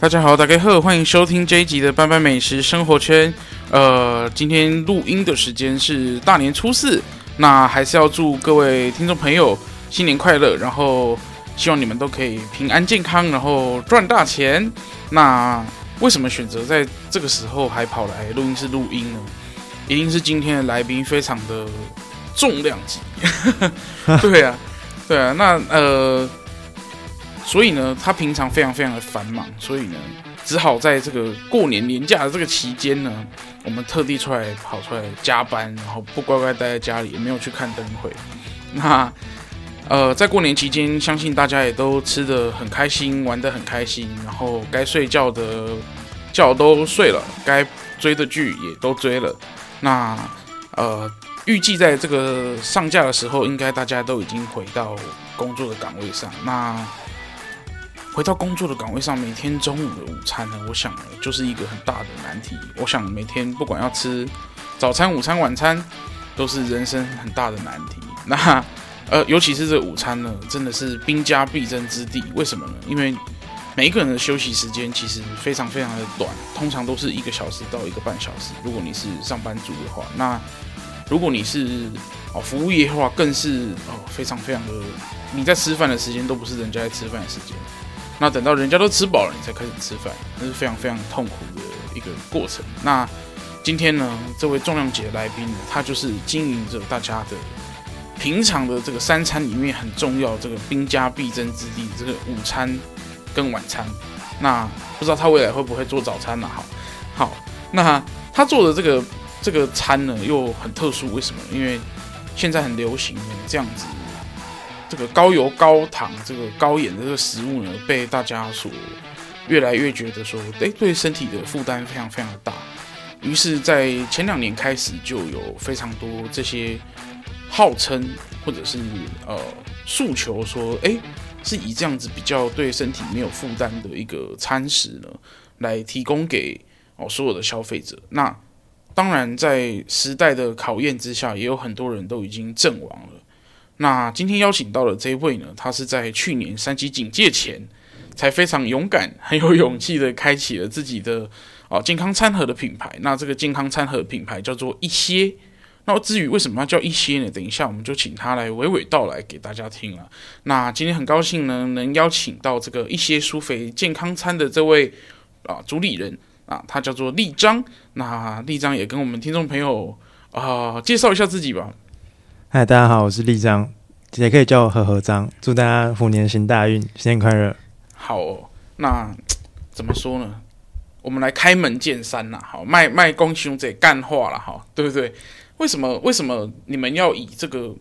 大家好，大家好，歡迎收聽這一集的班班美食生活圈。呃，今天錄音的時間是大年初四，那還是要祝各位聽眾朋友。新年快樂！然後希望你們都可以平安健康，然後賺大錢。那為什麼選擇在這個時候還跑來錄音室錄音呢？一定是今天的來賓非常的重量級。 對啊，對啊。那呃，所以呢，他平常非常非常的繁忙，所以呢，只好在這個過年年假的這個期間呢，我們特地出來跑出來加班，然後不乖乖待在家裡，也沒有去看燈會。那呃，在過年期間，相信大家也都吃得很開心，玩得很開心，然後該睡覺的覺都睡了，該追的劇也都追了。那呃，預計在這個上架的時候，應該大家都已經回到工作的崗位上。那回到工作的崗位上，每天中午的午餐呢，我想就是一個很大的難題。我想每天不管要吃早餐、午餐、晚餐，都是人生很大的難題。那。呃，尤其是這午餐呢，真的是兵家必爭之地。為什麼呢？因為每一個人的休息時間其實非常非常的短，通常都是一個小時到一個半小時，如果你是上班族的話，那如果你是哦服務業的話，更是哦非常非常的，你在吃飯的時間都不是人家在吃飯的時間，那等到人家都吃飽了，你才開始吃飯，那是非常非常痛苦的一個過程。那今天呢，這位重量級的來賓呢，他就是經營着大家的。平常的這個三餐裡面很重要，這個兵家必爭之地，這個午餐跟晚餐。那不知道他未來會不會做早餐呢、啊？好，好，那他做的這個這個餐呢又很特殊，為什麼？因為現在很流行這樣子，這個高油高糖、這個高鹽的這個食物呢，被大家所越來越覺得說，誒、欸，對身體的負擔非常非常大。於是，在前兩年開始就有非常多這些。號稱或者是呃訴求說，誒，是以這樣子比較對身體沒有負擔的一個餐食呢，來提供給哦所有的消費者。那當然，在時代的考驗之下，也有很多人都已經陣亡了。那今天邀請到的這一位呢，他是在去年三級警戒前，才非常勇敢、很有勇氣的開啟了自己的啊、哦、健康餐盒的品牌。那這個健康餐盒品牌叫做一歇。那至於為什麼要叫一歇呢？等一下我們就請他來娓娓道來給大家聽了。那今天很高興呢，能邀請到這個一歇舒肥健康餐的這位啊主理人啊，他叫做秝彰。那秝彰也跟我們聽眾朋友啊、呃、介紹一下自己吧。嗨，大家好，我是秝彰，也可以叫我何何彰。祝大家虎年行大運，新年快樂。好、哦，那怎麼說呢？我們來開門見山吶，好，賣賣公雄者幹話了哈，對不對？為什麼？為什麼你們要以這個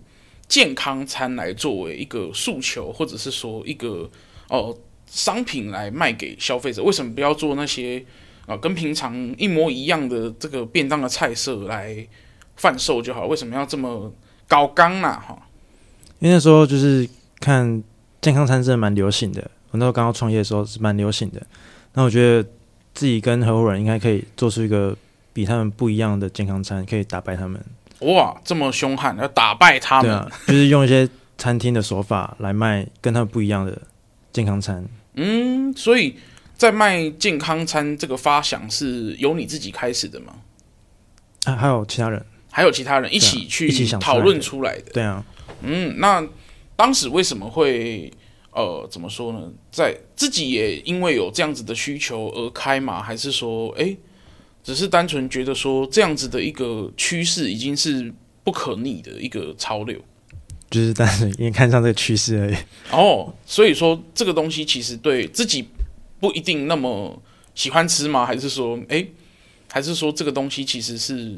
健康餐來作為一個訴求，或者是說一個哦、呃、商品來賣給消費者？為什麼不要做那些啊、呃、跟平常一模一樣的這個便當的菜色來販售就好？為什麼要這麼搞剛呢？哈，因為那時候就是看健康餐真的蠻流行的，我那時候剛剛創業的時候是蠻流行的。那我覺得自己跟合夥人應該可以做出一個。比他們不一樣的健康餐可以打敗他們哇！這麼凶悍要打敗他們，對啊，就是用一些餐廳的手法來賣，跟他們不一樣的健康餐。 嗯，所以在賣健康餐這個發想是由你自己開始的嗎？還、啊、還有其他人，還有其他人一起去討論、對啊、出,出來的。對啊，嗯，那當時為什麼會呃怎麼說呢？在自己也因為有這樣子的需求而開嘛，還是說哎？欸只是單純覺得說這樣子的一個趨勢已經是不可逆的一個潮流，就是但是因為看上這個趨勢而已。哦，所以說這個東西其實對自己不一定那麼喜歡吃嗎？還是說，哎、欸，還是說這個東西其實是，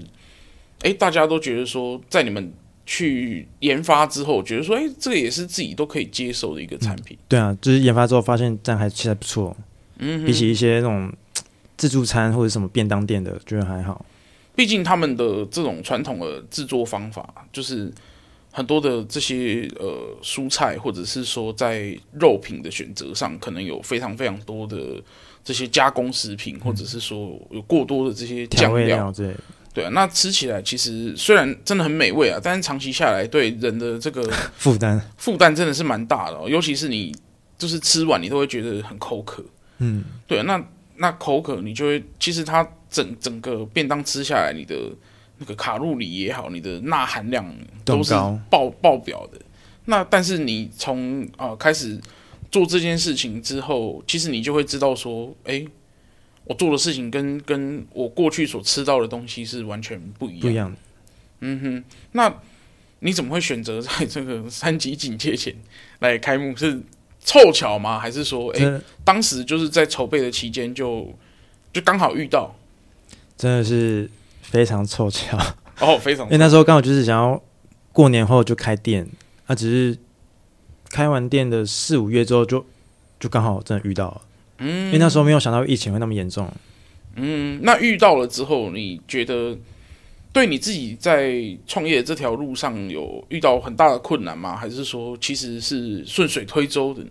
哎、欸，大家都覺得說，在你們去研發之後，覺得說，誒、欸，這個也是自己都可以接受的一個產品。嗯、對啊，就是研發之後發現這樣還其實還不錯。嗯，比起一些那種。自助餐或者什麼便當店的，覺得還好。畢竟他們的這種傳統的制作方法，就是很多的這些呃蔬菜，或者是說在肉品的選擇上，可能有非常非常多的這些加工食品，嗯、或者是說有過多的這些調味料。對對啊，那吃起來其實雖然真的很美味啊，但是長期下來對人的這個負擔負擔真的是蠻大的，哦， 尤其是你就是吃完你都會覺得很口渴。嗯，對啊，那。那口渴，你就會其實它整整個便當吃下來，你的那個卡路里也好，你的鈉含量都是爆爆表的。那但是你從啊、呃、開始做這件事情之後，其實你就會知道說，哎，我做的事情跟跟我過去所吃到的東西是完全不一樣的。不一樣。嗯哼，那你怎麼會選擇在這個三級警戒前來開幕？是？湊巧嗎？還是說，誒、欸，當時就是在籌備的期間，就就剛好遇到，真的是非常湊巧哦，oh, 非常湊巧。因為那時候剛好就是想要過年後就開店，那、啊、只是開完店的四五月之後就，就就剛好真的遇到了。嗯，因為那時候沒有想到疫情會那麼嚴重。嗯，那遇到了之後，你覺得？對你自己在創業這條路上有遇到很大的困難嗎？還是說其實是順水推舟的呢？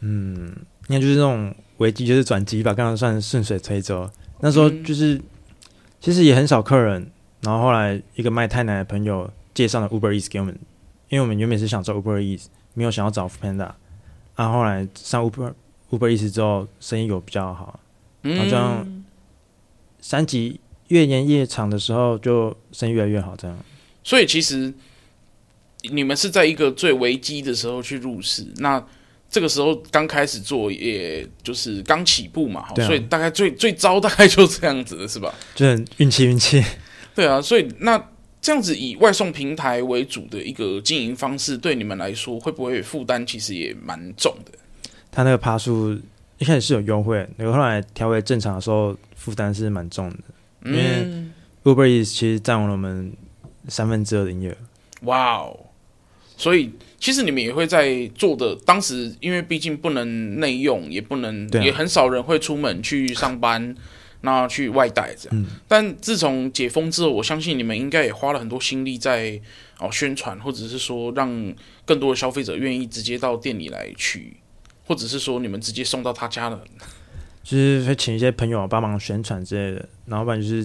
嗯，應該就是這種危機就是轉機吧，剛剛算是順水推舟。那時候就是、嗯、其實也很少客人，然後後來一個賣泰奶的朋友介紹了 Uber Eats 給我們，因為我們原本是想做 Uber Eats，沒有想要找 Panda，然後後來上 Uber Uber Eats 之後，生意有比較好，好像三級。嗯，三級越延越長的時候，就生意越來越好，這樣。所以其實你們是在一個最危機的時候去入市，那這個時候剛開始做，也就是剛起步嘛、啊，所以大概最最糟大概就是這樣子的，是吧？就很運氣運氣。對啊，所以那這樣子以外送平台為主的一個經營方式，對你們來說會不會負擔其實也蠻重的？他那個趴數一開始是有優惠，那個後來調回正常的時候，負擔是蠻重的。因為 Uber Eats 其實占用了我們三分之二的營業額，嗯。哇哦！所以其實你們也會在做的。當時因為畢竟不能內用，也不能，啊，也很少人會出門去上班，那 去外帶這樣。但自從解封之後，我相信你們應該也花了很多心力在哦、呃、宣傳，或者是說讓更多的消費者願意直接到店裡來取，或者是說你們直接送到他家了。就是會請一些朋友幫忙宣傳之類的，然後不然就是，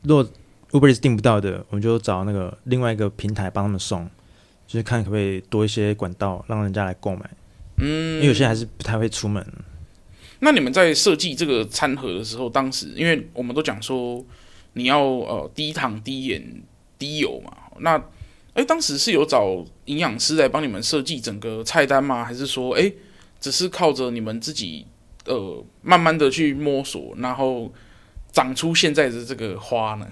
如果 Uber 是訂不到的，我們就找那個另外一個平台幫他們送，就是看可不可以多一些管道讓人家來購買。嗯，因為有些還是不太會出門。那你們在設計這個餐盒的時候，當時因為我們都講說你要呃低糖、低鹽、低油嘛，那誒，當時是有找營養師來幫你們設計整個菜單嗎？還是說哎只是靠着你們自己？呃，慢慢的去摸索，然後長出現在的這個花呢。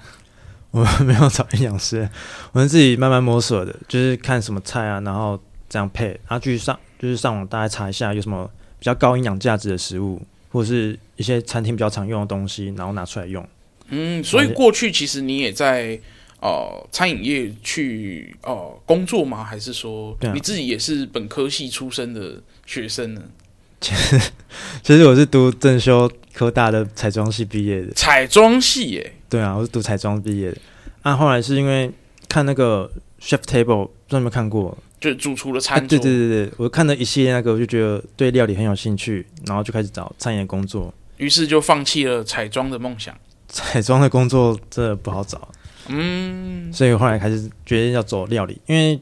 我們沒有找營養師，我們自己慢慢摸索的，就是看什麼菜啊，然後這樣配。然後去上就是上網，大概查一下有什麼比較高營養價值的食物，或者是一些餐廳比較常用的東西，然後拿出來用。嗯，所以過去其實你也在呃餐飲業去呃工作嗎？還是說、啊、你自己也是本科系出身的學生呢？其實，其實我是讀正修科大的彩妝系畢業的。彩妝系、欸？耶？對啊，我是讀彩妝畢業的。那、啊、後來是因為看那個 Chef Table，不知道有沒有看過，就是主廚的餐桌、啊。對對對對，我看了一系列那個，我就覺得對料理很有興趣，然後就開始找餐飲的工作。於是就放棄了彩妝的夢想。彩妝的工作真的不好找，嗯，所以後來開始決定要走料理，因為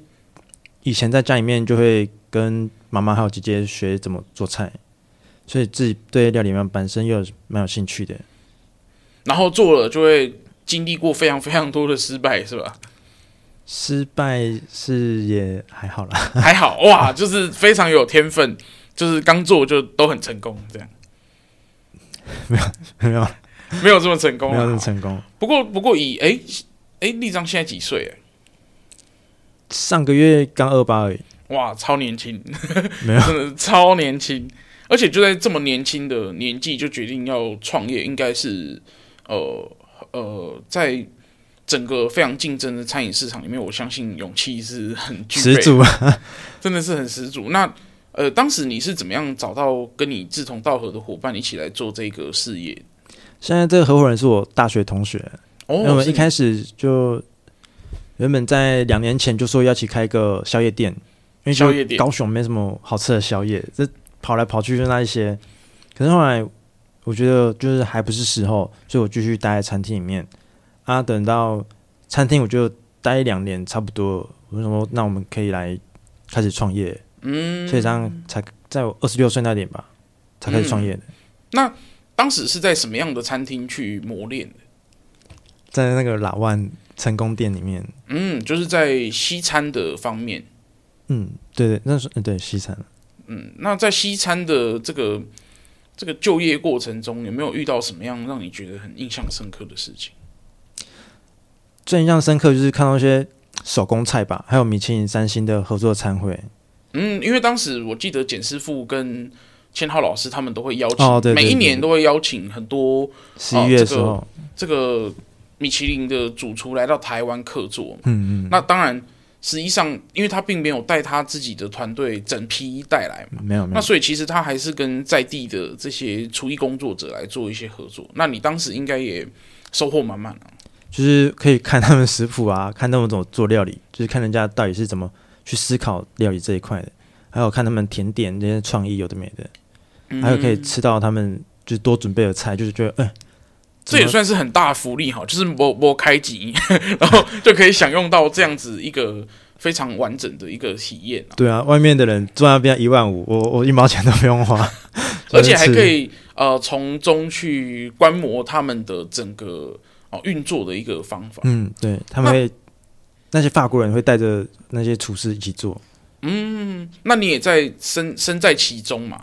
以前在家裡面就會。跟媽媽還有姐姐學怎麼做菜，所以自己對料理面本身又蠻有，有興趣的。然後做了就會經歷過非常非常多的失敗，是吧？失敗是也還好啦，還好哇，就是非常有天分，啊、就是剛做就都很成功，這樣。沒有沒有沒有這麼成功，沒有這麼成功，麼成功。不過不過以哎哎秝彰現在幾歲？哎，上個月剛二八而已。哇，超年輕，沒有真的超年輕，而且就在這麼年輕的年紀就決定要創業，應該是呃呃，在整個非常競爭的餐飲市場裡面，我相信勇氣是很十足，真的是很十足。 那呃，當時你是怎麼樣找到跟你志同道合的夥伴一起來做這個事業？現在這個合夥人是我大學同學，哦、我們一開始就原本在兩年前就說要去開一個宵夜店。因為高雄沒什麼好吃的宵夜，這跑來跑去就那一些。可是後來我覺得就是還不是時候，所以我繼續待在餐廳裡面。啊，等到餐廳我就待一兩年，差不多我說，那我們可以來開始創業。嗯，所以這樣才在我二十六歲那點吧，嗯，才開始創業的。那當時是在什麼樣的餐廳去磨練的？在那個老萬成功店裡面，嗯，就是在西餐的方面。嗯，對對，那是對西餐嗯，那在西餐的這個這個就業過程中，有沒有遇到什麼樣讓你覺得很印象深刻的事情？最印象深刻就是看到一些手工菜吧，還有米其林三星的合作餐會。嗯，因為當時我記得簡師傅跟千浩老師他們都會邀請，哦、對對對，每一年都會邀請很多十一月的時候、哦這個，這個米其林的主廚來到台灣客座。嗯嗯，那當然。實際上，因為他並沒有帶他自己的團隊整批帶來嘛，沒有，沒有，那所以其實他還是跟在地的這些廚藝工作者來做一些合作。那你當時應該也收穫滿滿啊，就是可以看他們食譜啊，看他們怎麼做料理，就是看人家到底是怎麼去思考料理這一塊的，還有看他們甜點這些創意有的沒的。嗯，還有可以吃到他們就是多準備的菜，就是覺得，呃這也算是很大的福利哈，就是我我開機，然後就可以享用到這樣子一個非常完整的一個體驗。嗯，對啊，外面的人坐那邊一萬五，我我一毛錢都不用花，而且還可以呃從中去觀摩他們的整個哦運作的一個方法。嗯，對，他們會那，那些法國人會帶着那些廚師一起做。嗯，那你也在身身在其中嘛？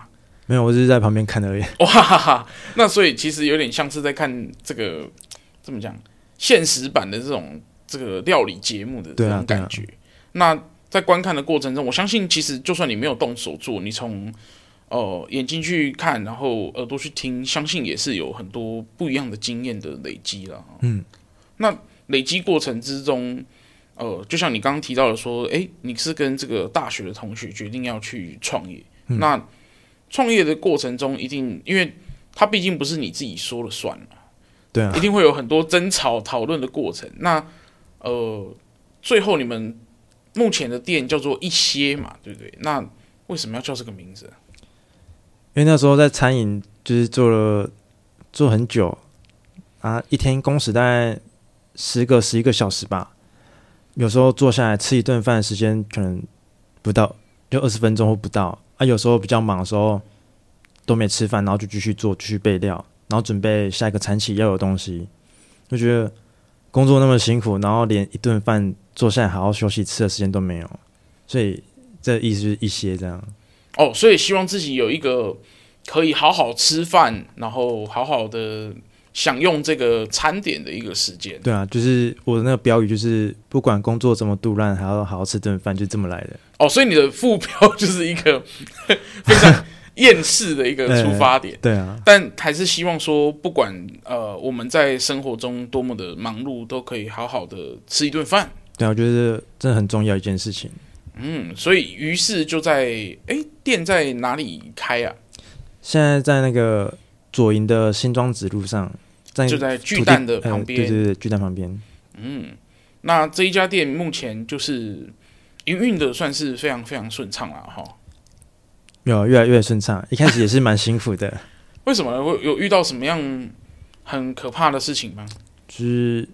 沒有，我只是在旁邊看而已。哇哈哈！那所以其實有點像是在看這個，怎麼講，現實版的這種這個料理節目的這種感覺、啊啊。那在觀看的過程中，我相信其實就算你沒有動手做，你從哦、呃、眼睛去看，然後耳朵去聽，相信也是有很多不一樣的經驗的累積了。嗯，那累積過程之中，呃，就像你剛剛提到的說，誒、欸，你是跟這個大學的同學決定要去創業、嗯，那。創業的過程中，一定，因為他畢竟不是你自己說了算嘛，對啊，一定會有很多爭吵、討論的過程。那，呃，最後你們目前的店叫做“一歇”嘛，對不對？那為什麼要叫這個名字啊？因為那時候在餐飲就是做了做很久啊，一天工時大概十個十一個小時吧，有時候坐下來吃一頓飯時間可能不到，就二十分鐘或不到。啊，有時候比較忙的時候都沒吃飯，然後就繼續做，繼續備料，然後準備下一個餐期要有東西。就覺得工作那麼辛苦，然後連一頓飯坐下來好好休息、吃的時間都沒有，所以這個意思就是一些這樣。哦，所以希望自己有一個可以好好吃飯，然後好好的。享用這個餐點的一個時間，對啊，就是我的那個標語，就是不管工作怎麼賭爛，還要好好吃頓飯，就這麼來的。哦，所以你的副標就是一個呵呵非常厭世的一個出發點。 對對對，對啊，但還是希望說，不管呃我們在生活中多麼的忙碌，都可以好好的吃一頓飯。對啊，我覺得真的很重要一件事情。嗯，所以於是就在哎、欸，店在哪裡開啊？現在在那個左營的新莊仔路上。在就在巨蛋的旁邊，嗯，對對對，巨蛋旁邊。嗯，那這一家店目前就是營運的，算是非常非常順暢了哈。有越來越順暢，一開始也是蠻辛苦的。 為什麼會有遇到什麼樣很可怕的事情嗎？就是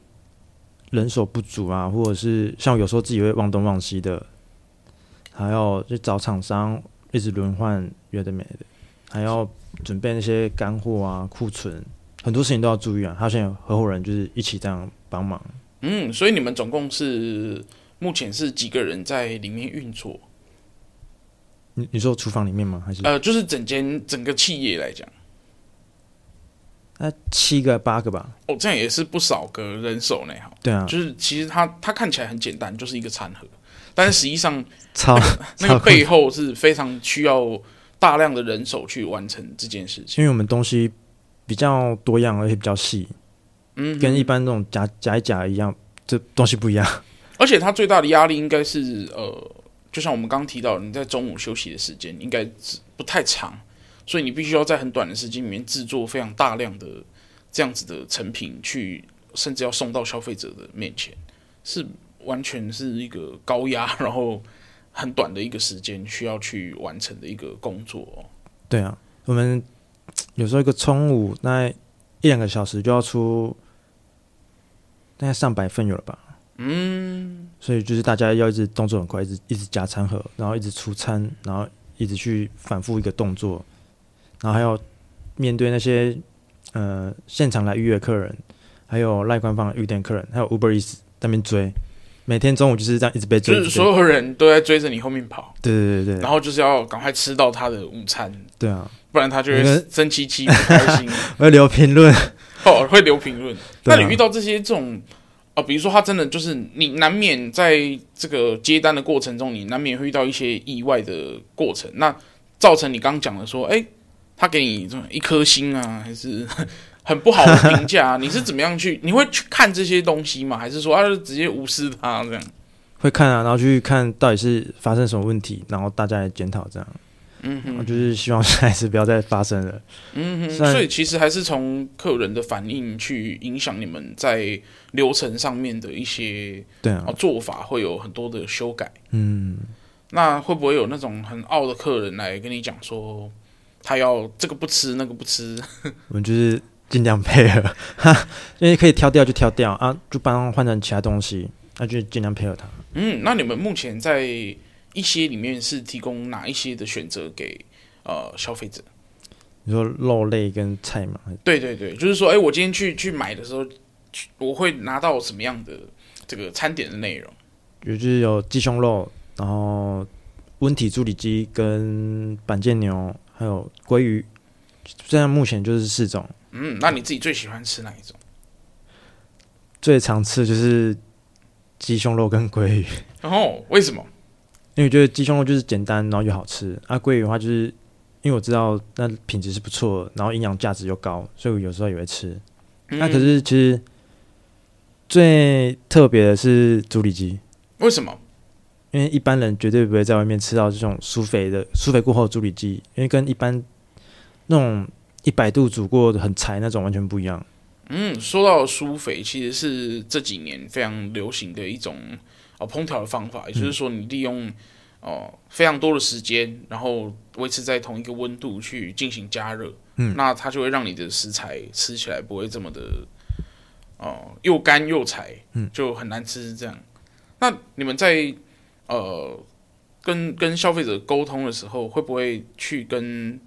人手不足啊，或者是像有時候自己會忘東忘西的，還要去找廠商一直輪換，約的美，還要準備那些乾貨啊庫存。很多事情都要注意啊！他現在合夥人就是一起這樣幫忙。嗯，所以你們總共是目前是幾個人在裡面運作？你你說廚房裡面嗎？還是呃，就是整間整個企業來講，那、呃、七個八個吧。哦，這樣也是不少個人手呢。好對啊，就是其實他他看起來很簡單，就是一個餐盒，但是實際上操 超 那個背後是非常需要大量的人手去完成這件事情，因為我們東西。比較多樣，而且比較細，嗯，跟一般這種夾夾一夾一樣，這東西不一樣。而且它最大的壓力應該是，呃，就像我們剛剛提到，你在中午休息的時間應該是不太長，所以你必須要在很短的時間裡面制作非常大量的這樣子的成品去，去甚至要送到消費者的面前，是完全是一個高壓，然後很短的一個時間需要去完成的一個工作。哦，對啊，我們。有時候一個中午，那一兩個小時就要出大概上百份有了吧。嗯，所以就是大家要一直動作很快，一直一直加餐盒，然後一直出餐，然後一直去反覆一個動作，然後還要面對那些呃現場來預約客人，還有賴官方預定客人，還有 Uber Eats 在那邊追，每天中午就是這樣一直被追，就是，所有人都在追着你後面跑。對，對對對，然後就是要趕快吃到他的午餐。對啊。不然他就會生氣氣不開心， 會留評論，哦，會留評論、啊。那你遇到這些這種啊、哦，比如說他真的就是你難免在這個接單的過程中，你難免會遇到一些意外的過程，那造成你剛講的說，哎、欸，他給你一一顆星啊，還是很不好的評價、啊。 你是怎麼樣去？你會去看這些東西嗎？還是說，他是直接無視他這樣？會看啊，然後去看到底是發生什麼問題，然後大家來檢討這樣。嗯哼，我就是希望下一次不要再發生了。嗯哼，所以其實還是從客人的反應去影響你們在流程上面的一些對啊、啊做法，會有很多的修改。嗯，那會不會有那種很傲的客人來跟你講說他要這個不吃那個不吃？ 我們就是盡量配合， 因為可以挑掉就挑掉啊，就幫換成其他東西，那、啊、就盡量配合他。嗯，那你們目前在。一些裡面是提供哪一些的選擇給呃消費者？你說肉類跟菜嗎？對對對，就是說，哎、欸，我今天去去買的時候，我會拿到什麼樣的這個餐點的內容？有就是有雞胸肉，然後溫體豬里脊跟板腱牛，還有鮭魚。現在目前就是四種。嗯，那你自己最喜歡吃哪一種？最常吃就是雞胸肉跟鮭魚。然、哦、後為什麼？因為我覺得雞胸肉就是簡單，然後又好吃。啊，鮭魚的話，就是因為我知道那品質是不錯，然後營養價值又高，所以我有時候也會吃。那、嗯啊、可是其實最特別的是豬里脊。為什麼？因為一般人絕對不會在外面吃到這種舒肥的舒肥過後的豬里脊，因為跟一般那種一百度煮過的很柴那種完全不一樣。嗯，說到舒肥，其實是這幾年非常流行的一種。哦，烹調的方法，也就是說，你利用哦、嗯呃、非常多的時間，然後維持在同一個溫度去進行加熱，嗯，那它就會讓你的食材吃起來不會這麼的哦、呃、又乾又柴，嗯，就很難吃是這樣。那你們在呃跟跟消費者溝通的時候，會不會去跟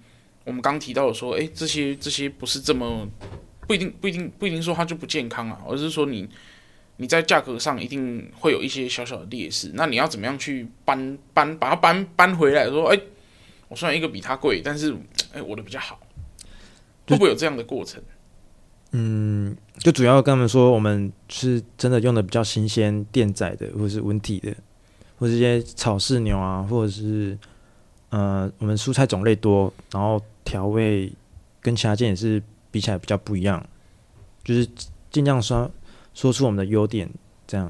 我們剛提到的說，誒、欸，這些這些不是這麼不一定不一定不一定說它就不健康啊，而是說你。你在價格上一定會有一些小小的劣勢，那你要怎麼樣去搬搬把它搬搬回來說，哎，我雖然一個比它貴，但是哎、欸，我的比較好，會不會有這樣的過程？嗯，就主要跟他們說，我們是真的用的比較新鮮、電宰的，或是溫體的，或是一些草飼牛啊，或者是嗯、呃，我們蔬菜種類多，然後調味跟其他店也是比起來比較不一樣，就是盡量說。說出我們的優點，這樣，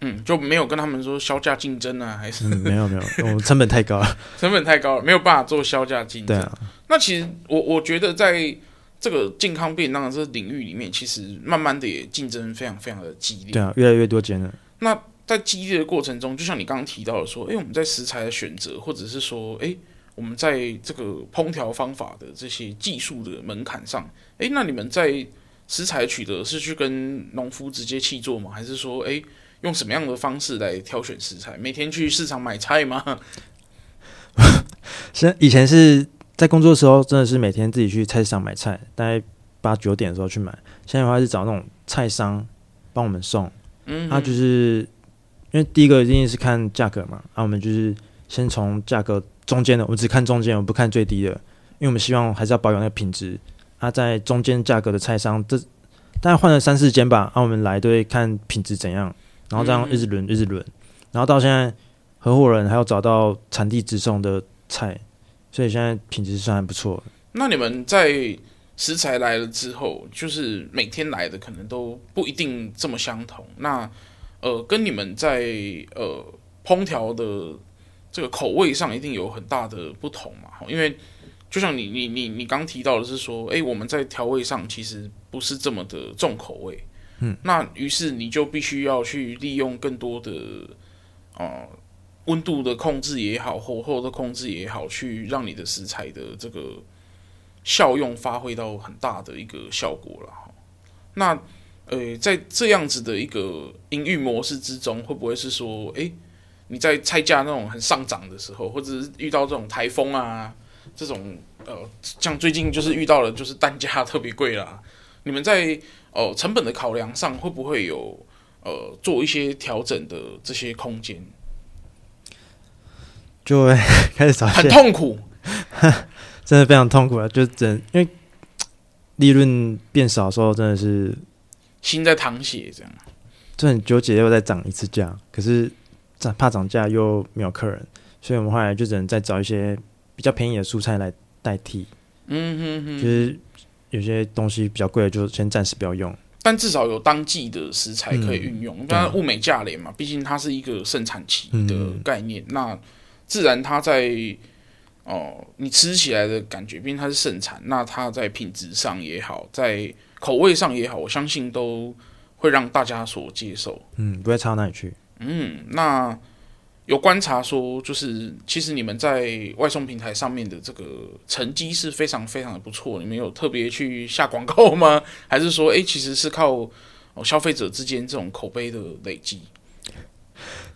嗯，就沒有跟他們說銷價競爭啊，還是沒有、嗯、沒有，沒有 我們成本太高了，成本太高了，沒有辦法做銷價競爭。對啊，那其實我我覺得在這個健康便當的這個領域裡面，其實慢慢的也競爭非常非常的激烈。對啊，越來越多競爭。那在激烈的過程中，就像你剛剛提到的，說，誒、欸、我們在食材的選擇，或者是說，誒、欸、我們在這個烹調方法的這些技術的門檻上，誒、欸、那你們在。食材取得是去跟農夫直接契作嗎？還是說，哎、欸，用什麼樣的方式來挑選食材？每天去市場買菜嗎？現以前是在工作的時候，真的是每天自己去菜市場買菜，大概八九點的時候去買。現在的話是找那種菜商幫我們送。嗯，他、啊、就是因為第一個一定是看價格嘛，後、啊、我們就是先從價格中間的，我們只看中間，我們不看最低的，因為我們希望還是要保養那個品質。他、啊、在中間價格的菜商，這大概換了三四間吧。那、啊、我們來對看品質怎樣，然後這樣一直、嗯、輪，一直輪，然後到現在合夥人還要找到產地直送的菜，所以現在品質算還不錯。那你們在食材來了之後，就是每天來的可能都不一定這麼相同，那呃，跟你們在呃烹調的這個口味上一定有很大的不同嘛？因為就像你你你你剛提到的是說，誒，我們在調味上其實不是這麼的重口味，嗯。那於是你就必須要去利用更多的啊、呃、溫度的控制也好，火候的控制也好，去讓你的食材的這個效用發揮到很大的一個效果了。那呃，在這樣子的一個營運模式之中，會不會是說，誒，你在菜價那種很上漲的時候，或者是遇到這種颱風啊？這種呃，像最近就是遇到了，就是單價特別貴啦。你們在呃成本的考量上，會不會有呃做一些調整的這些空間？就會開始找很痛苦，真的非常痛苦啊！就只能因為利潤變少的時候，真的是心在淌血，這樣就很糾結，又在漲一次價，可是漲怕漲價又沒有客人，所以我們後來就只能再找一些。比較便宜的蔬菜來代替，嗯哼哼，其實有些東西比較貴的，就先暫時不要用。但至少有當季的食材可以運用，嗯，當然物美價廉嘛，畢竟它是一個盛產期的概念。嗯，那自然它在哦，你吃起來的感覺，畢竟它是盛產，那它在品質上也好，在口味上也好，我相信都會讓大家所接受，嗯，不會差到哪裡去。嗯，那。有觀察說，就是其實你們在外送平台上面的這個成績是非常非常的不錯。你們有特別去下廣告嗎？還是說，哎、欸，其實是靠消費者之間這種口碑的累積？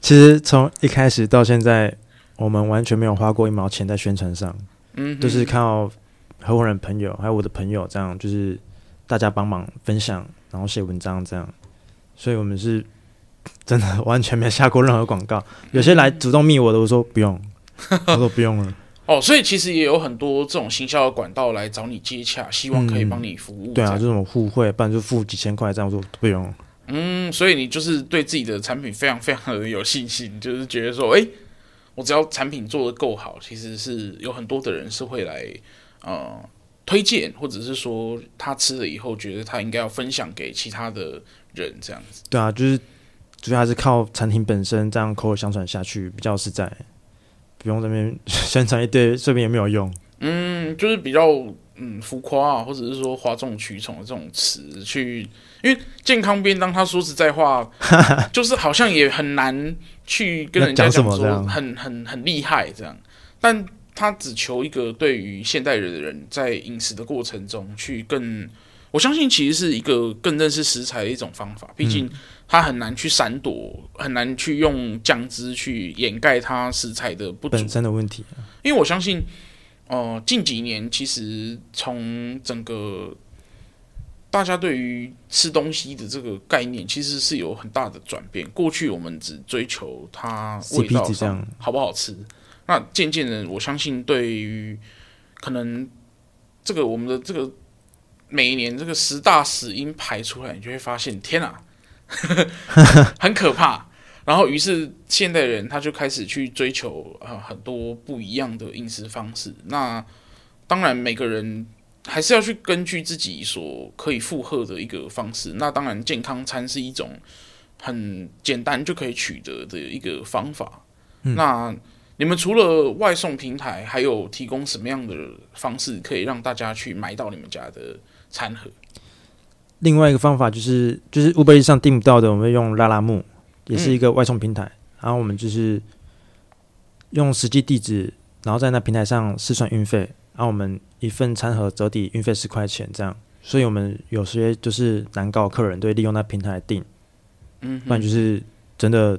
其實從一開始到現在，我們完全沒有花過一毛錢在宣傳上。嗯，就是靠合夥人朋友還有我的朋友這樣，就是大家幫忙分享，然後寫文章這樣，所以我們是。真的完全沒有下過任何廣告。嗯，有些來主動密我的，我說不用， 我說不用了。哦，所以其實也有很多這種行銷的管道來找你接洽，希望可以幫你服務。嗯、對啊，這種互惠，不然就付幾千塊這樣，我說不用了。嗯，所以你就是對自己的產品非常非常有有信心，就是覺得說，哎、欸，我只要產品做得夠好，其實是有很多的人是會來呃推薦，或者是說他吃了以後覺得他應該要分享給其他的人這樣子。對啊，就是。主要還是靠餐廳本身這樣口口相傳下去比較實在，不用這邊宣傳一堆，這邊也沒有用。嗯，就是比較嗯浮誇啊，或者是說嘩眾取寵的這種詞去，因為健康便當他說實在話， 就是好像也很難去跟人家講說很什麼很很厲害這樣。但他只求一個對於現代人的人在飲食的過程中去更，我相信其實是一個更認識食材的一種方法，畢竟、嗯。它很難去閃躲，很難去用醬汁去掩蓋它食材的不足，本身的問題、啊。因為我相信，哦、呃，近幾年其實從整個大家對於吃東西的這個概念，其實是有很大的轉變。過去我們只追求它味道上好不好吃，那漸漸的，我相信對於可能這個我們的這個每一年這個十大死因排出來，你就會發現，天啊！ 很可怕，然後於是現代人他就開始去追求啊很多不一樣的飲食方式。那當然每個人還是要去根據自己所可以負荷的一個方式。那當然健康餐是一種很簡單就可以取得的一個方法。那你們除了外送平台，還有提供什麼樣的方式可以讓大家去買到你們家的餐盒？另外一個方法就是就是 Uber 上訂不到的，我們會用拉拉木，也是一個外送平台，嗯。然後我們就是用實際地址，然後在那平台上試算運費。然後我們一份餐盒折抵運費十塊錢，這樣。所以，我們有些就是難搞客人，對，利用那平台訂。嗯，不然就是真的，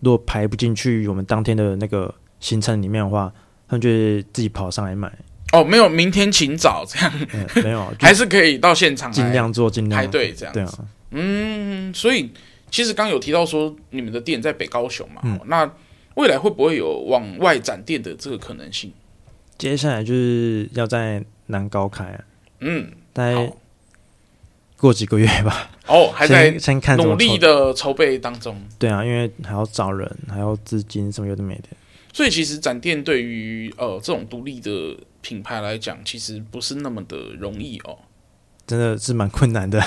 如果排不進去我們當天的那個行程裡面的話，他們就會自己跑上來買。哦，沒有，明天請早這樣，嗯，沒有， 還是可以到現場盡量做，盡量排隊這樣。對啊，嗯，所以其實剛有提到說你們的店在北高雄嘛，嗯，那未來會不會有往外展店的這個可能性？接下來就是要在南高開，嗯，大概過幾個月吧。 哦，還在努力的籌備當中。對啊，因為還要找人，還要資金，什麼有的沒的。所以其實展店對於呃這種獨立的。品牌來講，其實不是那麼的容易哦，真的是蠻困難的。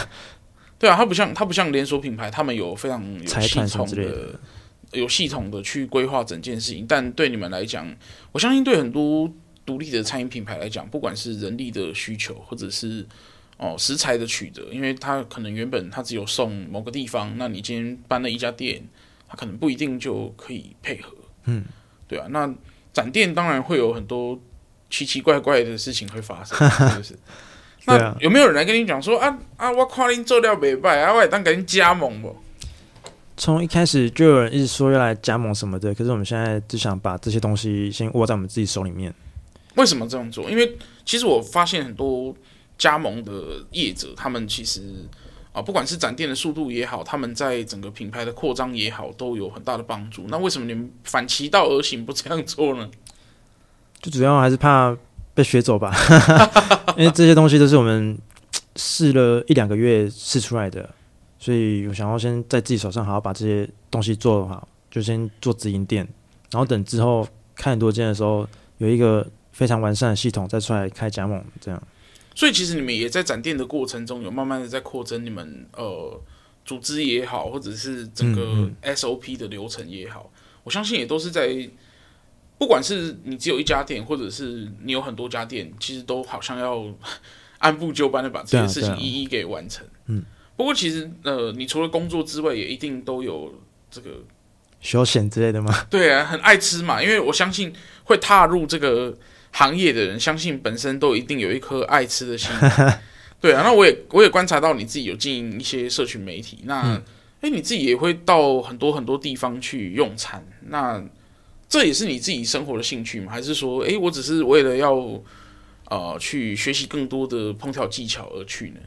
對啊，它不像，它不像連鎖品牌，他們有非常有系統的、的有系統的去規劃整件事情。但對你們來講，我相信對很多獨立的餐飲品牌來講，不管是人力的需求，或者是哦食材的取得，因為他可能原本他只有送某個地方，那你今天搬了一家店，他可能不一定就可以配合。嗯，對啊，那展店當然會有很多，奇奇怪怪的事情會發生，是、就、不是？ 那有沒有人來跟你講說啊啊，啊，我誇您做料袂敗啊，我也當給您加盟不？從一開始就有人一直說要來加盟什麼的，可是我們現在只想把這些東西先握在我們自己手裡面。為什麼這樣做？因為其實我發現很多加盟的業者，他們其實啊，不管是展店的速度也好，他們在整個品牌的擴張也好，都有很大的幫助。那為什麼你們反其道而行不這樣做呢？就主要還是怕被學走吧 因為這些東西都是我們試了一兩個月試出來的，所以我想要先在自己手上好好把這些東西做好，就先做直營店，然後等之後開很多店的時候，有一個非常完善的系統再出來開加盟這樣。所以其實你們也在展店的過程中，有慢慢的在擴增你們呃組織也好，或者是整個 SOP 的流程也好，我相信也都是在。不管是你只有一家店，或者是你有很多家店，其實都好像要按部就班的把這些事情一一給完成。啊啊、嗯，不過其實呃，你除了工作之外，也一定都有這個休閒之類的嗎？對啊，很愛吃嘛。因為我相信會踏入這個行業的人，相信本身都一定有一顆愛吃的心。 對啊，那我也我也觀察到你自己有經營一些社群媒體，那哎、嗯，你自己也會到很多很多地方去用餐，那。這也是你自己生活的興趣嗎？還是說，誒，我只是為了要啊、呃、去學習更多的烹調技巧而去呢？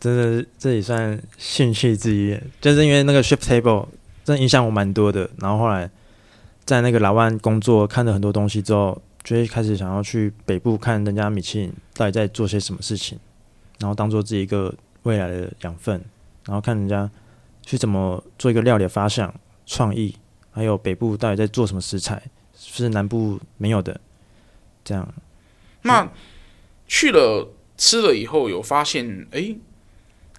真的，這也算興趣之一。就是因為那個 Chef's Table 真的影響我蠻多的。然後後來在那個老萬工作，看了很多東西之後，就會開始想要去北部看人家米其林到底在做些什麼事情，然後當做自己一個未來的養分，然後看人家去怎麼做一個料理的發想創意。還有北部到底在做什麼食材，是南部沒有的，這樣。那、嗯、去了吃了以後，有發現哎、欸，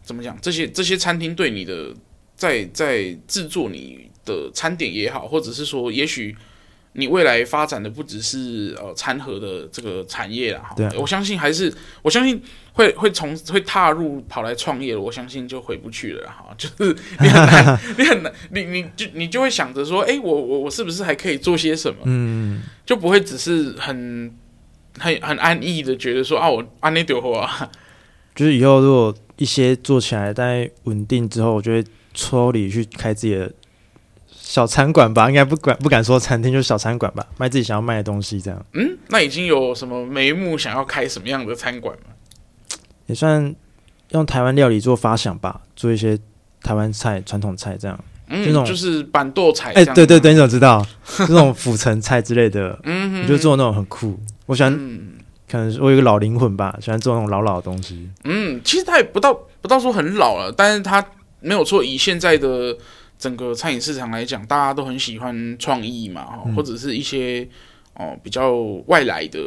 怎麼講？這些這些餐廳對你的在在製作你的餐點也好，或者是說，也許。你未來發展的不只是呃餐盒的這個產業啦，對，我相信還是我相信會會從會踏入跑來創業了，我相信就回不去了哈，就是你很難 你很難你你就你就會想着說，哎、欸，我我我是不是還可以做些什麼？嗯，就不會只是很很很安逸的覺得說啊，我按呢就好啊，就是以後如果一些做起來但穩定之後，我就會抽離去開自己的。小餐館吧，應該不敢不敢說餐廳，就是小餐館吧，賣自己想要賣的東西這樣。嗯，那已經有什麼眉目，想要開什麼樣的餐館嗎？也算用台灣料理做發想吧，做一些台灣菜、傳統菜這樣。嗯，就種、就是辦桌菜，哎、欸，對對，對，你怎麼知道，這 種府城菜之類的，嗯， 你就做那種很酷。我喜歡，嗯、可能是我有一個老靈魂吧，喜歡做那種老老的東西。嗯，其實他也不到不到說很老了、啊，但是他沒有錯，以現在的。整個餐飲市場來講，大家都很喜歡創意嘛、嗯，或者是一些哦、呃、比較外來的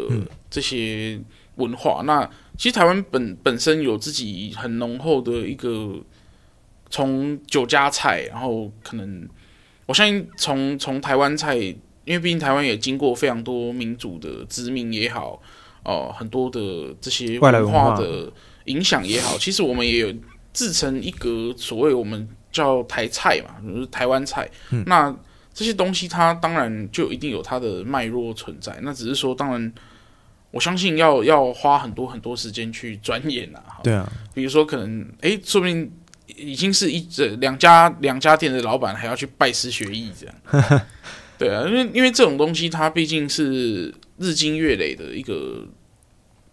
這些文化。嗯、那其實台灣本本身有自己很濃厚的一個，從酒家菜，然後可能我相信從從台灣菜，因為畢竟台灣也經過非常多民族的殖民也好，哦、呃、很多的這些外來文化的影響也好，其實我們也有自成一格，所謂我們。叫台菜嘛，台灣菜、嗯。那這些東西，它當然就一定有它的脈絡存在。那只是說，當然，我相信要要花很多很多時間去鑽研啊。對啊，比如說，可能哎、欸，說不定已經是一這呃、兩家兩家店的老板還要去拜師學藝這， 這樣。對啊，因為因為這種東西，它畢竟是日積月累的一個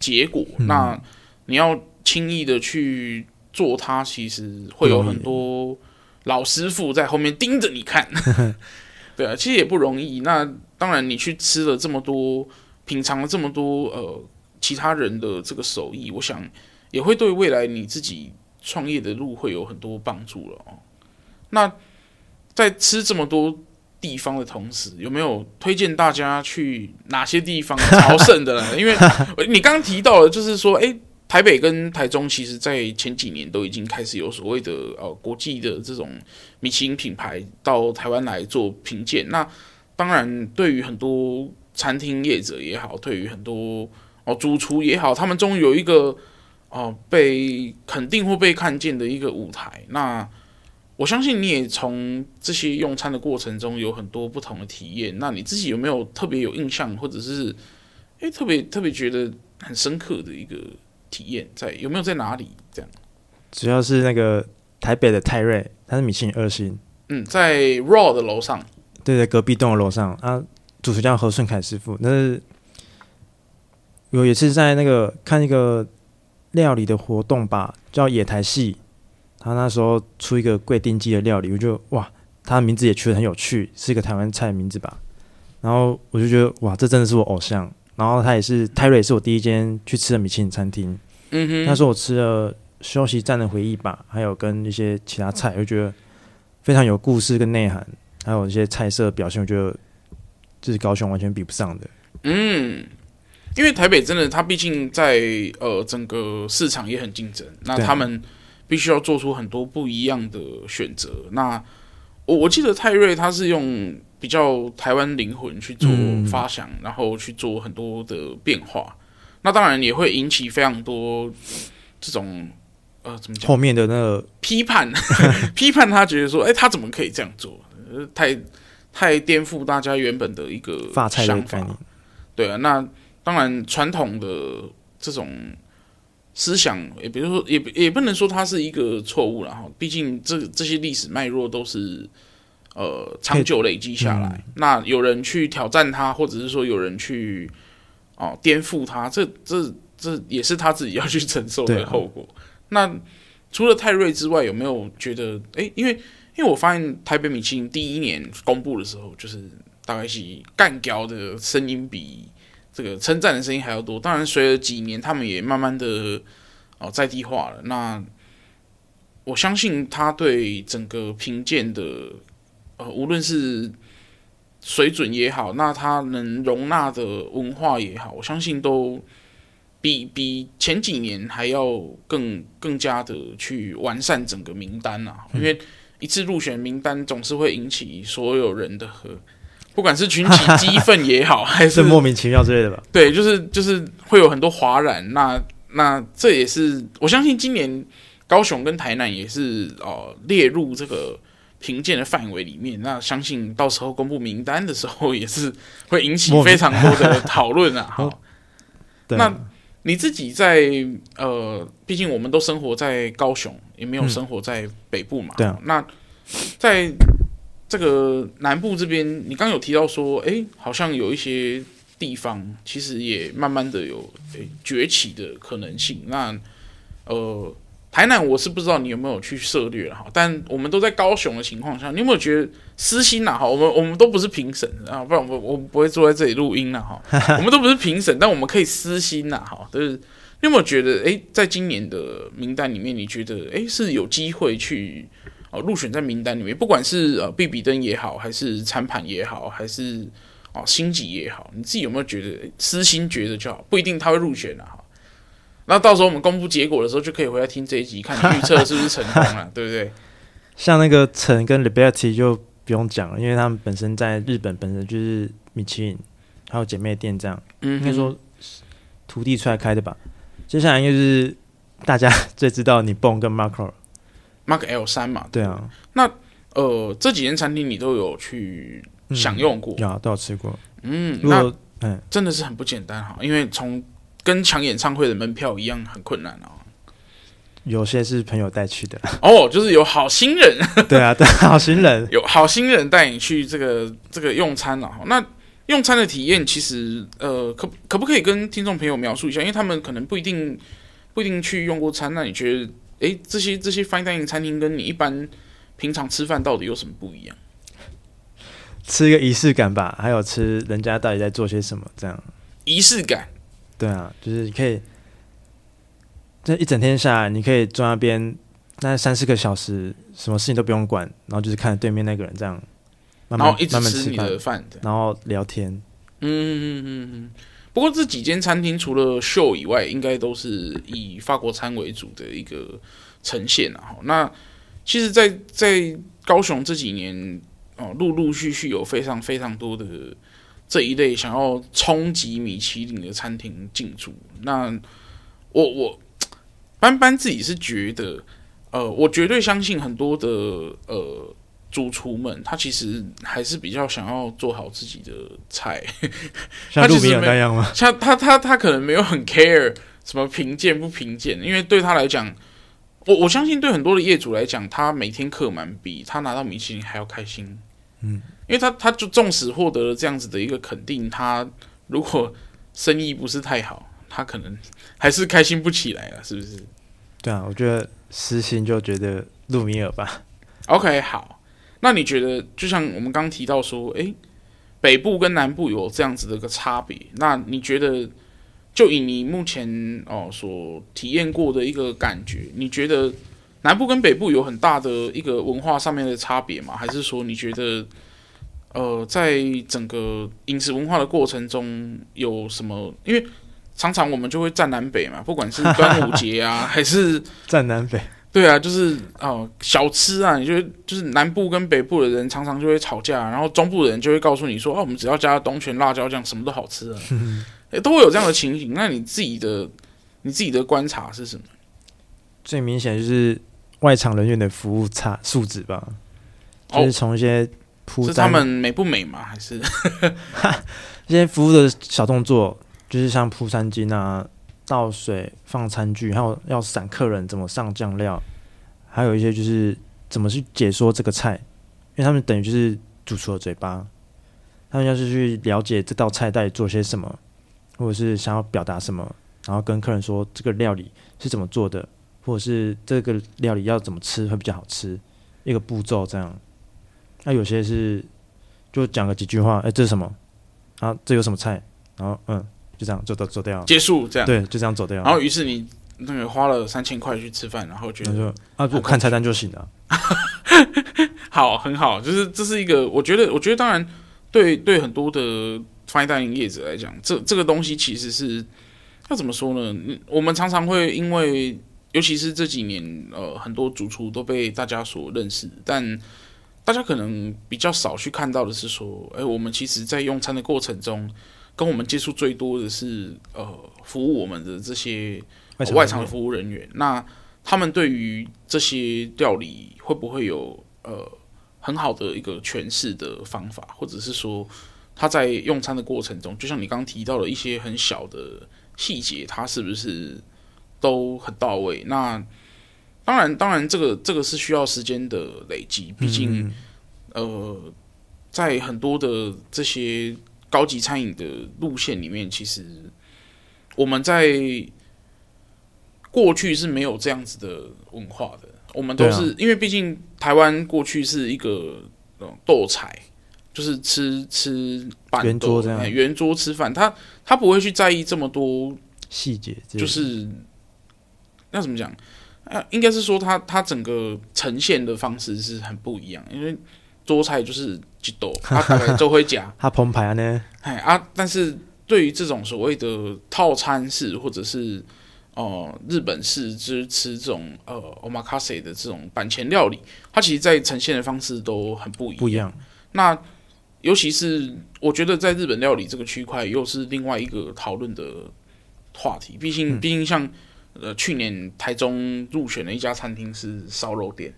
結果。嗯、那你要輕易的去做它，其實會有很多。老師傅在後面盯着你看， 對啊，其實也不容易。那當然，你去吃了這麼多，品嘗了這麼多，呃，其他人的這個手藝，我想也會對未來你自己創業的路會有很多幫助了哦。那在吃這麼多地方的同時，有沒有推薦大家去哪些地方朝聖的呢？ 因為你剛提到的就是說，哎。台北跟台中，其實，在前幾年都已經開始有所謂的呃國際的這種米其林品牌到台灣來做評鑑。那當然，對於很多餐廳業者也好，對於很多哦主廚也好，他們終於有一個哦、呃、被肯定或被看見的一個舞台。那我相信你也從這些用餐的過程中有很多不同的體驗。那你自己有沒有特別有印象，或者是哎特別特別覺得很深刻的一個？體驗在有沒有在哪裡？這樣，主要是那個台北的泰瑞，他是米其林二星。嗯，在 Raw 的樓上，對，在隔壁棟的樓上。啊，主廚叫何順凱師傅。那是有也是在那個看一個料理的活動吧，叫野台戲。他那時候出一個桂丁雞的料理，我就哇，他的名字也取得很有趣，是一個台灣菜的名字吧。然後我就覺得哇，這真的是我偶像。然後他也是泰瑞，是我第一間去吃的米其林餐廳。嗯哼,那時候我吃了休息站的回憶吧，還有跟一些其他菜，我覺得非常有故事跟內涵，還有一些菜色表現，我覺得這是高雄完全比不上的。嗯，因為台北真的，它畢竟在呃整個市場也很競爭，那他們必須要做出很多不一樣的選擇。那我我記得泰瑞他是用比較台灣靈魂去做發想，嗯，然後去做很多的變化，那當然也會引起非常多這種呃怎麼講後面的那個批判， 批判他覺得說，哎、 欸，他怎麼可以這樣做？太太顛覆大家原本的一個想法，對啊，那當然傳統的這種。思想也，比如說，也也不能說他是一個錯誤了哈。畢竟這這些歷史脈絡都是呃長久累積下來、嗯，那有人去挑戰他，或者是說有人去哦、呃、顛覆他，這這這也是他自己要去承受的後果。啊、那除了泰瑞之外，有沒有覺得哎？因為因為我發現台北米其林第一年公布的時候，就是大概是幹譙的聲音比。這個稱讚的聲音還要多，當然，隨了幾年，他們也慢慢的哦在地化了。那我相信他對整個評鑑的呃，無論是水準也好，那他能容納的文化也好，我相信都比比前幾年還要更更加的去完善整個名單啊、嗯。因為一次入選名單總是會引起所有人的和。不管是群起激憤也好，還 是莫名其妙之類的吧，對，就是就是會有很多譁然。那那這也是我相信，今年高雄跟台南也是哦、呃、列入這個評鑑的範圍裡面。那相信到時候公布名單的時候，也是會引起非常多的討論啊。好 對啊，那你自己在呃，畢竟我們都生活在高雄，也沒有生活在北部嘛。嗯、對啊，那在。這個南部這邊，你剛剛有提到說，誒，好像有一些地方其實也慢慢的有誒崛起的可能性。那呃，台南我是不知道你有沒有去涉獵哈。但我們都在高雄的情況下，你有沒有覺得私心吶？哈，我們我們都不是評審啊，不然我我不會坐在這裡錄音了、啊、哈。我們都不是評審，但我們可以私心吶、啊，哈，就是你有沒有覺得，誒，在今年的名單裡面，你覺得誒是有機會去？哦，入選在名單裡面，不管是呃，必比登也好，還是餐盤也好，還是哦，星級也好，你自己有沒有覺得私心覺得就好？不一定他會入選啊。好，那到時候我們公布結果的時候，就可以回來聽這一集，看預測是不是成功了、啊， 對不對，對？像那個陳跟 Liberty 就不用講了，因為他們本身在日本本身就是米其林，還有姐妹店這樣，嗯，應該說徒弟出來開的吧。接下來就是大家最知道你 Bone 跟 Marco Mark L 三嘛，對啊，那呃，這幾間餐廳你都有去享用過、嗯、有都有吃過，嗯，那真的是很不簡單哈、欸，因為從跟搶演唱會的門票一樣很困難哦。有些是朋友帶去的哦，oh, 就是有好心人，對啊，對，好心人 有好心人帶你去這個這個用餐了、哦。那用餐的體驗其實呃，可可不可以跟聽眾朋友描述一下？因為他們可能不一定不一定去用過餐，那你覺得？哎，這些這些 fine dining 餐廳跟你一般平常吃飯到底有什麼不一樣？吃一個儀式感吧，還有吃人家到底在做些什麼這樣。儀式感。對啊，就是你可以這一整天下來，你可以坐在那邊那三四個小時，什麼事情都不用管，然後就是看着對面那個人這樣慢慢，然後一直吃你的飯，慢慢吃飯然後聊天。嗯嗯嗯嗯嗯。不過這幾間餐廳除了秀以外，應該都是以法國餐為主的一個呈現啊，那其實在，在在高雄這幾年，哦，陸陸續續有非常非常多的這一類想要衝擊米其林的餐廳進駐。那我我，我班班自己是覺得，呃，我絕對相信很多的呃。租出門，他其實還是比較想要做好自己的菜，像路米爾那樣嗎？像他，他，他可能沒有很 care 什麼評鑑不評鑑，因為對他來講，我我相信對很多的業主來講，他每天客滿比他拿到米其林還要開心。嗯，因為他，他就縱使獲得了這樣子的一個肯定，他如果生意不是太好，他可能還是開心不起來了，是不是？對啊，我覺得私心就覺得路米爾吧。OK，好。那你覺得，就像我們剛剛提到說，哎，北部跟南部有這樣子的一個差別。那你覺得，就以你目前哦、呃、所體驗過的一個感覺，你覺得南部跟北部有很大的一個文化上面的差別嗎？還是說你覺得，呃，在整個飲食文化的過程中有什麼？因為常常我們就會戰南北嘛，不管是端午節啊， 還是戰南北。對啊，就是哦，小吃啊，你就就是南部跟北部的人常常就會吵架，然後中部的人就會告訴你說啊、哦，我們只要加東泉辣椒醬，什麼都好吃啊， 都會有這樣的情形。那你自己的你自己的觀察是什麼？最明顯就是外場人員的服務差素質吧、哦，就是從一些鋪是他們美不美嘛，還是這 些服務的小動作，就是像鋪餐巾啊。倒水、放餐具，還有要散客人怎麼上醬料，還有一些就是怎麼去解說這個菜，因為他們等於就是主廚的嘴巴，他們要是去了解這道菜到底做些什麼，或者是想要表達什麼，然後跟客人說這個料理是怎麼做的，或者是這個料理要怎麼吃會比較好吃，一個步驟這樣。那有些是就講了幾句話，哎，這是什麼？啊，這有什麼菜？然後，嗯。就這樣走走掉，結束這樣對，就這樣走掉。然後，於是你那個花了三千塊去吃飯，然後覺得那就啊，不看菜單就行了、啊。 好，很好，就是這是一個，我覺得，我覺得，當然對，對對，很多的 fine dining 業者來講，這這個東西其實是要怎麼說呢？我們常常會因為，尤其是這幾年，呃，很多主廚都被大家所認識，但大家可能比較少去看到的是說，哎、欸，我們其實，在用餐的過程中。跟我們接觸最多的是呃，服務我們的這些、呃、外場的服務人員。那他們對於這些料理會不會有呃很好的一個詮釋的方法，或者是說他在用餐的過程中，就像你剛剛提到的一些很小的細節，他是不是都很到位？那當然，當然，這個這個是需要時間的累積，畢竟、嗯、呃，在很多的這些。高級餐飲的路線裡面，其實我們在過去是沒有這樣子的文化的。我們都是、啊、因為畢竟台灣過去是一個鬥菜，就是吃吃板桌這樣，圓桌、嗯、圓桌吃飯，他他不會去在意這麼多細節，就是那怎麼講？應該是說他他整個呈現的方式是很不一樣，因為。桌菜就是幾朵他可能都會加。他 澎湃，啊，呢。哎啊！但是對於這種所謂的套餐式，或者是哦，呃，日本式就是吃這種呃 omakase 的這種板前料理，它其實在呈現的方式都很不一樣。不一樣。那尤其是我覺得，在日本料理這個區塊，又是另外一個討論的話題。畢竟，畢、嗯、竟，像呃去年台中入選的一家餐廳是燒肉店。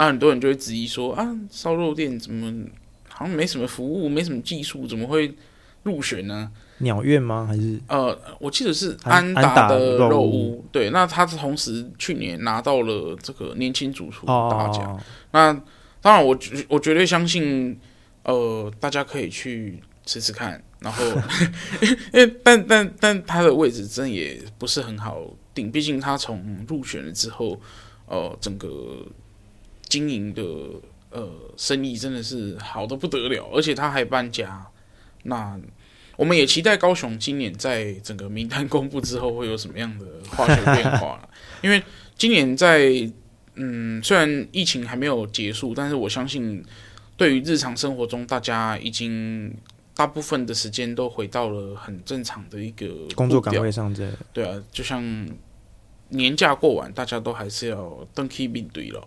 那很多人就會質疑說：“啊，燒肉店怎麼好像沒什麼服務，沒什麼技術，怎麼會入選呢？”鳥院嗎？還是呃，我記得是安達的肉屋，安達肉屋。對，那他是同時去年拿到了這個年輕主廚大獎，哦。那當然我，我我絕對相信，呃，大家可以去吃吃看。然後， 因為但但但他的位置真的也不是很好定，畢竟他從入選了之後，呃，整個。經營的呃生意真的是好得不得了，而且他還搬家。那我們也期待高雄今年在整個名單公布之後會有什麼樣的化學變化了 因為今年在嗯，雖然疫情還沒有結束，但是我相信對於日常生活中大家已經大部分的時間都回到了很正常的一個工作崗位上。對啊，就像。年假過完，大家都還是要登 key 面對了，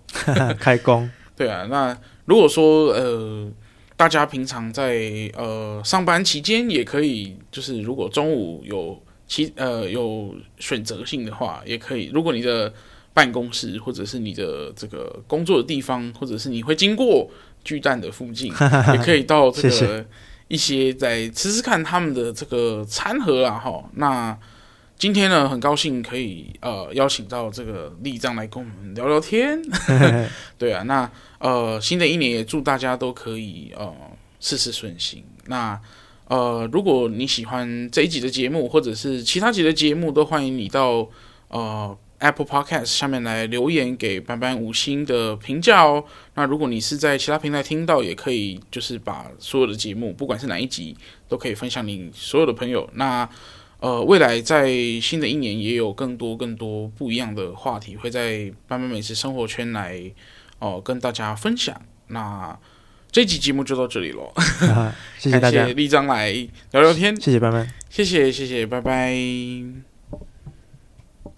開工。對啊，那如果說呃，大家平常在呃上班期間，也可以就是如果中午有其呃有選擇性的話，也可以，如果你的辦公室或者是你的這個工作的地方，或者是你會經過巨蛋的附近， 也可以到這個謝謝一些在吃吃看他們的這個餐盒啊，齁。那今天呢，很高興可以呃邀請到這個秝彰來跟我們聊聊天。 對啊，那呃，新的一年也祝大家都可以呃事事順心。那呃，如果你喜歡這一集的節目，或者是其他集的節目，都歡迎你到呃 Apple Podcast 下面來留言給班班五星的評價哦。那如果你是在其他平台聽到，也可以就是把所有的節目，不管是哪一集，都可以分享給你所有的朋友。那。呃，未來在新的一年，也有更多更多不一樣的話題會在班班美食生活圈來哦，呃、跟大家分享。那這期節目就到這裡了，啊，謝謝大家，秝彰來聊聊天，謝謝班班謝謝謝謝，拜拜。